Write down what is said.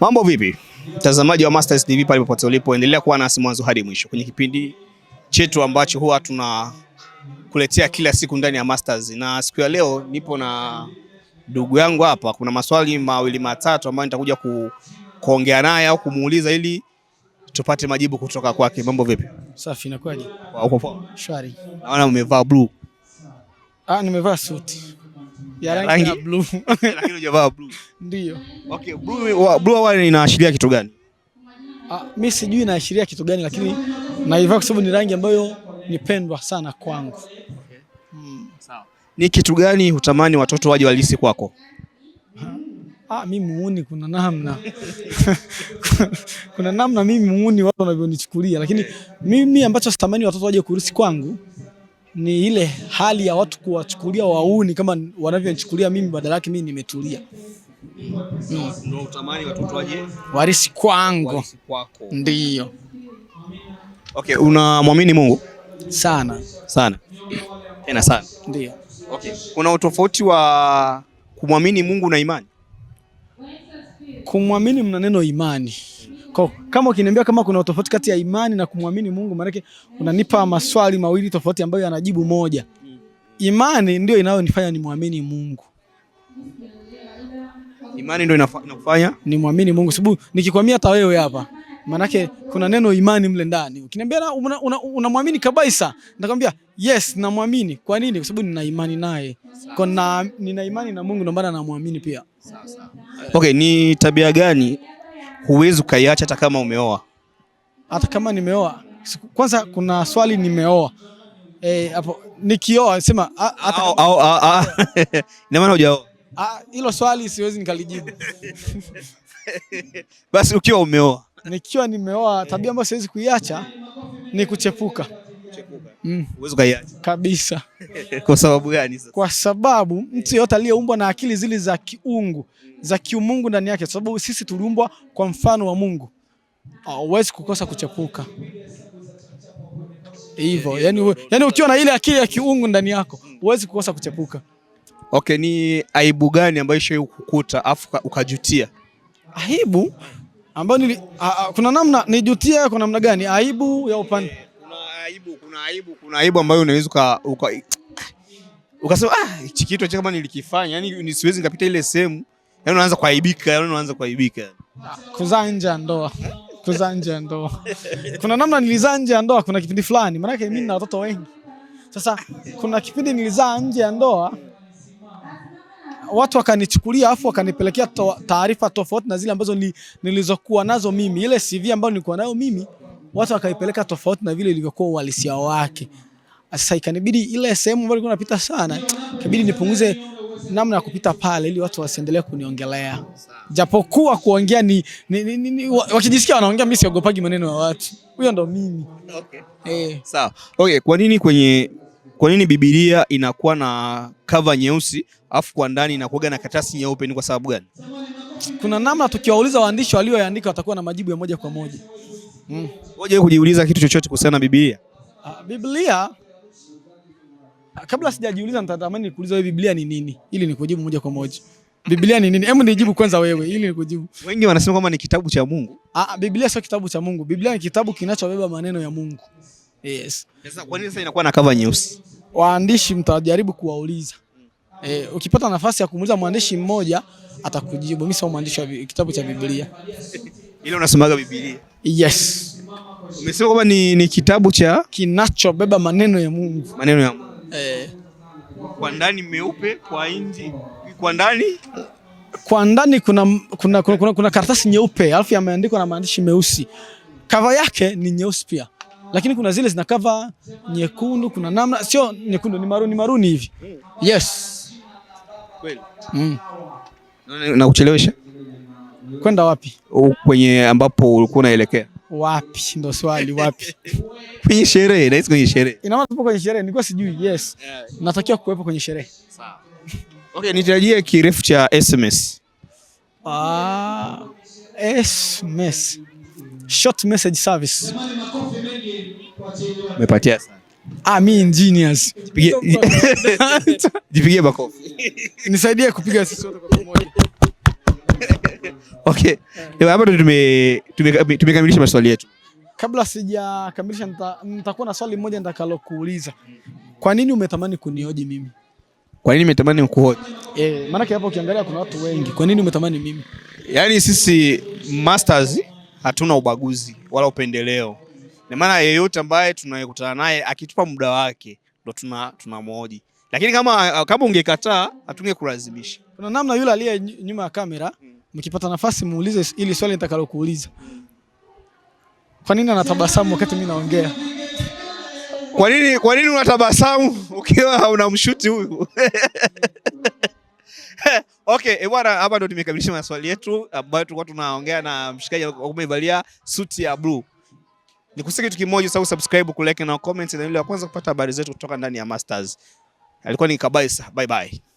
Mambo vipi, mtazamaji wa Masters TV pale popote ulipo, endelea kuwa nasi mwanzo hadi mwisho kwenye kipindi chetu ambacho huwa tunakuletea kila siku ndani ya Masters, na siku ya leo nipo na ndugu yangu hapa. Kuna maswali mawili matatu ambayo nitakuja ku, kuongea naye au kumuuliza ili tupate majibu kutoka kwake. Mambo vipi? Safi, inakwaje? Uko poa? Shwari. Naona umevaa blue. Ah, nimevaa suti ya rangi ya blue. Lakini hujavaa blue. Ndio. Okay, blue blue inaashiria kitu gani? Ah, sijui inaashiria kitu gani lakini naivaa kwa sababu ni rangi ambayo nipendwa sana kwangu. Ni kitu gani hutamani watoto waje walisi kwako? Ah, ah muuni kuna namna kuna namna mimi muuni watu wanavyonichukulia, lakini mimi ambacho sitamani watoto waje kurisi kwangu ni ile hali ya watu kuwachukulia wauni kama wanavyonichukulia mimi, badala yake mimi nimetulia. Ndio utamani watoto waje warisi kwangu, ndio. Okay, unamwamini Mungu sana sana tena sana, ndio. Okay, kuna utofauti wa kumwamini Mungu na imani. Kumwamini mna neno imani kwa kama ukiniambia kama kuna tofauti kati ya imani na kumwamini Mungu, maanake unanipa maswali mawili tofauti ambayo yanajibu moja. Imani ndio inayonifanya nimwamini Mungu. Imani ndio inakufanya nimwamini Mungu, sababu nikikwamia hata wewe hapa, maanake kuna neno imani mle ndani. Ukiniambia unamwamini una, una kabisa, nitakwambia yes, namwamini. Kwa nini? Kwa sababu nina imani naye, nina imani na Mungu, ndio maana namwamini pia. Sawa sawa. Okay, ni tabia gani huwezi ukaiacha hata kama umeoa. Hata kama nimeoa, kwanza kuna swali nimeoa eh, hapo e, nikioa sema ina maana hujaoa. Hilo swali siwezi nikalijibu. Basi ukiwa umeoa, nikiwa nimeoa, tabia ambayo siwezi kuiacha ni kuchepuka mm. kabisa kwa sababu gani sasa? Kwa sababu mtu yote aliyeumbwa na akili zile za kiungu za kiumungu ndani yake, kwa sababu sisi tuliumbwa kwa mfano wa Mungu, hauwezi kukosa kuchepuka hivyo. Yani, yani ukiwa na ile akili ya kiungu ndani yako huwezi kukosa kuchepuka. Okay, ni aibu gani ambayo shai kukuta afu ukajutia? Aibu ambayo kuna namna nijutia, kuna namna gani aibu ya upande aibu, kuna aibu, kuna aibu ambayo unaweza uka ukasema ah, hichi kitu acha kama nilikifanya, yani siwezi nikapita ile sehemu, yani unaanza kuaibika, yani unaanza kuaibika. Kuzaa nje ya ndoa, kuzaa nje ya ndoa, kuna namna nilizaa nje ya ndoa, kuna kipindi fulani, maana yake mimi na watoto wengi. Sasa kuna kipindi nilizaa nje ya ndoa watu wakanichukulia afu wakanipelekea taarifa tofauti na zile ambazo ni, nilizokuwa nazo mimi. Ile CV ambayo nilikuwa nayo mimi watu wakaipeleka tofauti na vile ilivyokuwa uhalisia wake. Sasa ikanibidi ile sehemu ambayo ilikuwa napita sana, ikabidi nipunguze namna ya kupita pale ili watu wasiendelee kuniongelea, japokuwa kuongea ni, ni, ni, ni, ni wakijisikia wanaongea, mimi siogopagi maneno ya watu. Huyo ndo mimi. Okay. Eh. Sawa. Okay, kwa nini kwenye kwa nini Biblia inakuwa na cover nyeusi afu kwa ndani inakuwa na karatasi nyeupe? Ni kwa sababu gani? Kuna namna tukiwauliza waandishi walioandika watakuwa na majibu ya moja kwa moja. Wewe mm. kujiuliza kitu chochote kuhusiana na Biblia? Uh, Biblia ah, kabla sijajiuliza nitatamani nikuuliza wewe Biblia ni nini? Ili nikujibu moja kwa moja. Biblia ni nini? Hebu nijibu kwanza wewe ili nikujibu. Wengi wanasema kwamba ni kitabu cha Mungu. Ah, ah Biblia sio kitabu cha Mungu. Biblia ni kitabu kinachobeba maneno ya Mungu. Yes. Sasa kwa nini sasa inakuwa na cover nyeusi? Waandishi mtajaribu kuwauliza. E, ukipata nafasi ya kumuuliza mwandishi mmoja atakujibu. Mimi sio mwandishi wa kitabu cha Biblia. Ile unasomaga Biblia. Yes. Umesema kwamba ni, ni kitabu cha kinachobeba maneno ya Mungu. Maneno ya Mungu. Eh. Kwa ndani meupe, kwa nje, kwa ndani kwa ndani kuna, kuna, kuna, kuna, kuna karatasi nyeupe alafu yameandikwa na maandishi meusi. Kava yake ni nyeusi pia, lakini kuna zile zina kava nyekundu, kuna namna sio nyekundu, ni maruni maruni hivi. Yes. Kweli. Mm. Na kuchelewesha Kwenda wapi? Kwenye ambapo ulikuwa unaelekea wapi? Ndo swali, wapi? Kwenye sherehe, na hizo kwenye sherehe. Ina maana tupo kwenye sherehe, nilikuwa sijui. Yes, natakiwa kuwepo kwenye sherehe. Sawa. Okay, nitarajie kirefu cha SMS. Ah, SMS. Short message service. Umepatia sana. Ah, mi engineers. Jipigie bako. Nisaidie kupiga sisi wote kwa pamoja. Okay, hapo ndo tumekamilisha maswali yetu. Kabla sijakamilisha, nitakuwa na swali moja nitakalokuuliza. Kwa nini umetamani kunihoji mimi? Kwa nini umetamani kuhoji? Eh, maana hapo ukiangalia kuna watu wengi. Kwa nini umetamani mimi? Yaani sisi masters hatuna ubaguzi wala upendeleo. Na maana yeyote ambaye tunayekutana naye akitupa muda wake ndo tuna tunamhoji. Lakini kama kama ungekataa hatungekulazimisha. Kuna namna yule aliye nyuma ya kamera mm mkipata nafasi muulize ili swali nitakalokuuliza. Kwa nini anatabasamu wakati mimi naongea? Kwa nini, kwa nini unatabasamu ukiwa unamshuti huyu? Okay, e bwana, hapa ndo tumekamilisha maswali yetu ambayo tulikuwa tunaongea na mshikaji amevalia suti ya blue. Nikusiki kitu kimoja, sasa subscribe, ku like na comment na yule wa kwanza kupata habari zetu kutoka ndani ya Mastaz. Alikuwa ni Kabaisa. Bye bye.